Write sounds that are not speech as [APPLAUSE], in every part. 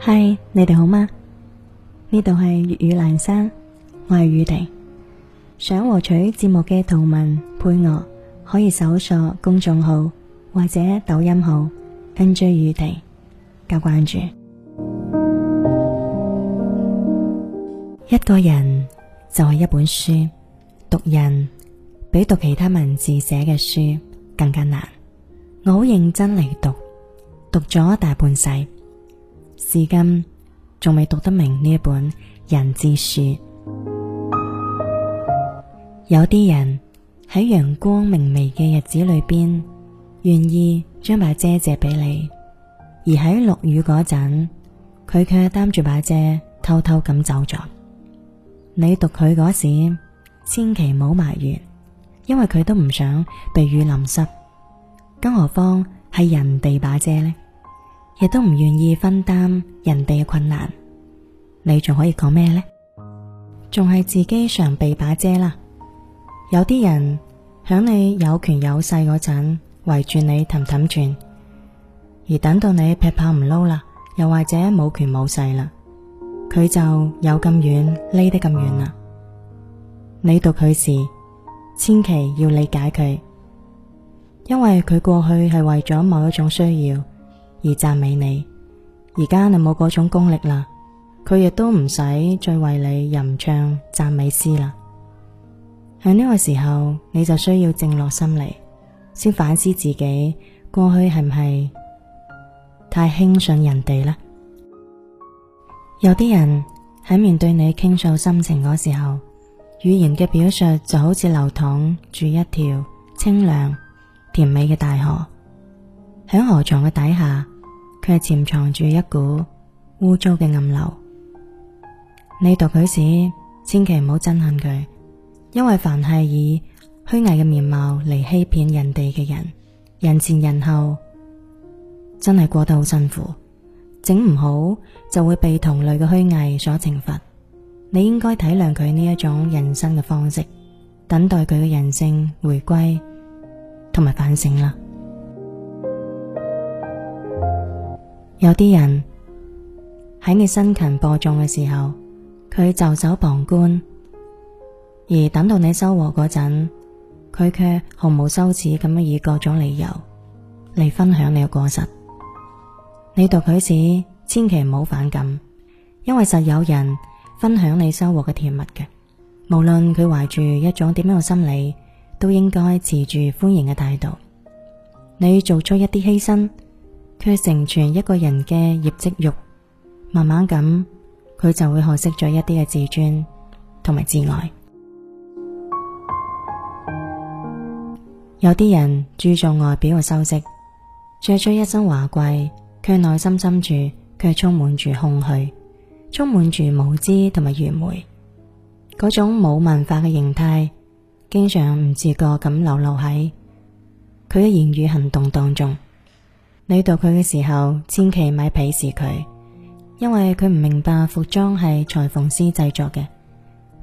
嗨，Hi, 你哋好嗎？呢度係粵語蘭山，我係雨婷。想獲取節目嘅圖文配樂，可以搜索公眾號或者抖音號 NJ 雨婷。加關注。一個人就係一本書，讀人比讀其他文字寫嘅書更加難。我好認真嚟讀，讀咗大半世。至今仲未讀得明呢一本人字書。有啲人喺陽光明媚嘅日子裏邊，願意將把遮借俾你；而喺落雨嗰陣，佢卻擔住把遮偷偷咁走咗。你讀佢嗰時，千祈唔好埋怨，因為佢都唔想被雨淋濕，更何況係人哋把遮呢？亦都唔願意分擔人哋嘅困難，你仲可以講咩呢？仲係自己常備把遮啦。有啲人響你有權有勢嗰陣圍住你氹氹轉，而等到你劈炮唔撈啦，又或者冇權冇勢啦，佢就有咁遠匿得咁遠啦。你讀佢時，千祈要理解佢，因為佢過去係為咗某一種需要，而讚美你，而家你冇嗰種功力啦，佢亦都唔使再為你吟唱讚美詩啦。喺呢個時候，你就需要靜落心嚟，先反思自己過去係唔係太輕信人哋啦。有啲人喺面對你傾訴心情嗰時候，語言嘅表述就好似流淌住一條清涼甜美嘅大河。喺河床嘅底下，佢係潛藏住一股污糟嘅暗流。你讀佢時，千祈唔好憎恨佢，因為凡係以虛偽嘅面貌嚟欺騙人哋嘅人，人前人後，真係過得好辛苦，整唔好，就會被同類嘅虛偽所懲罰。你應該體諒佢呢一種人生嘅方式，等待佢嘅人性回歸同埋反省啦。有啲人喺你辛勤播種嘅時候，佢袖手旁觀；而等到你收穫嗰陣，佢卻毫無羞恥咁樣以各種理由嚟，分享你嘅果實。你讀佢時，千祈唔好反感，因為實有人分享你收穫嘅甜蜜嘅。無論佢懷住一種點樣嘅心理，都應該持住歡迎嘅態度。你做出一啲犧牲。佢成全一個人嘅業績欲，慢慢咁佢就會學識咗一啲嘅自尊同埋自愛。 [MUSIC] 有啲人注重外表嘅修飾，着出一身華貴，卻內心深處，卻充滿住空虛，充滿住無知同埋愚昧。嗰種冇文化嘅形態，經常唔自覺咁流露喺佢嘅言語行動當中。你讀佢嘅時候，千祈咪鄙視佢，因為佢唔明白服裝係裁縫師製作嘅，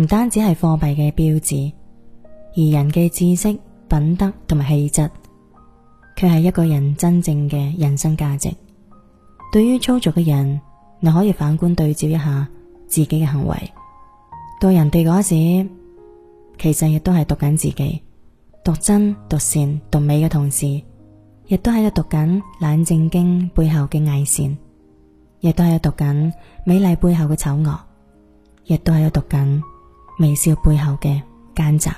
唔單止係貨幣嘅標誌，而人嘅知識、品德同埋氣質，卻係一個人真正嘅人生價值。對於粗俗嘅人，你可以反觀對照一下自己嘅行為。讀人哋嗰時，其實亦都係讀緊自己，讀真、讀善、讀美嘅同時。亦都喺度讀緊冷靜經背後嘅偽善，亦都喺度讀緊美麗背後嘅醜惡，亦都喺度讀緊微笑背後嘅奸詐。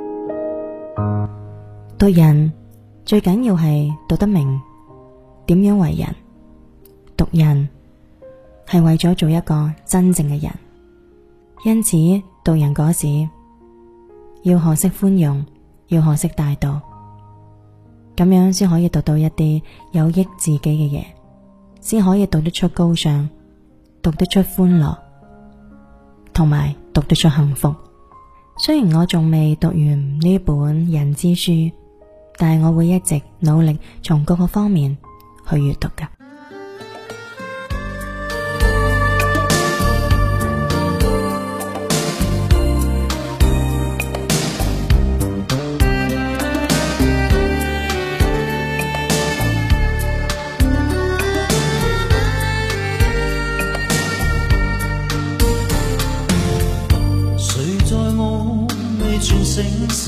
[NOISE] 讀人最緊要係讀得明點樣為人。讀人係為咗做一個真正嘅人，因此讀人嗰時要學識寬容，要學識大度。咁樣先可以讀到一啲有益自己嘅嘢，先可以讀得出高尚，讀得出歡樂，同埋讀得出幸福。雖然我仲未讀完呢本人之書，但係我會一直努力從各個方面去閱讀㗎。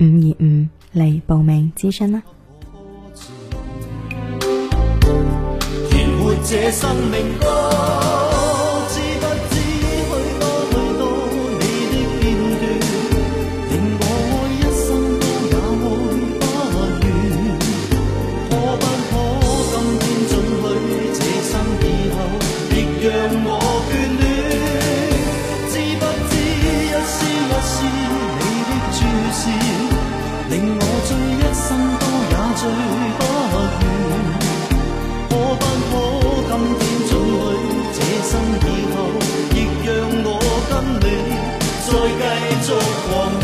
五二五嚟報名咨詢啦！令我醉一生都也醉不完，可不可今天准許，這生以後，亦讓我跟你再繼續狂？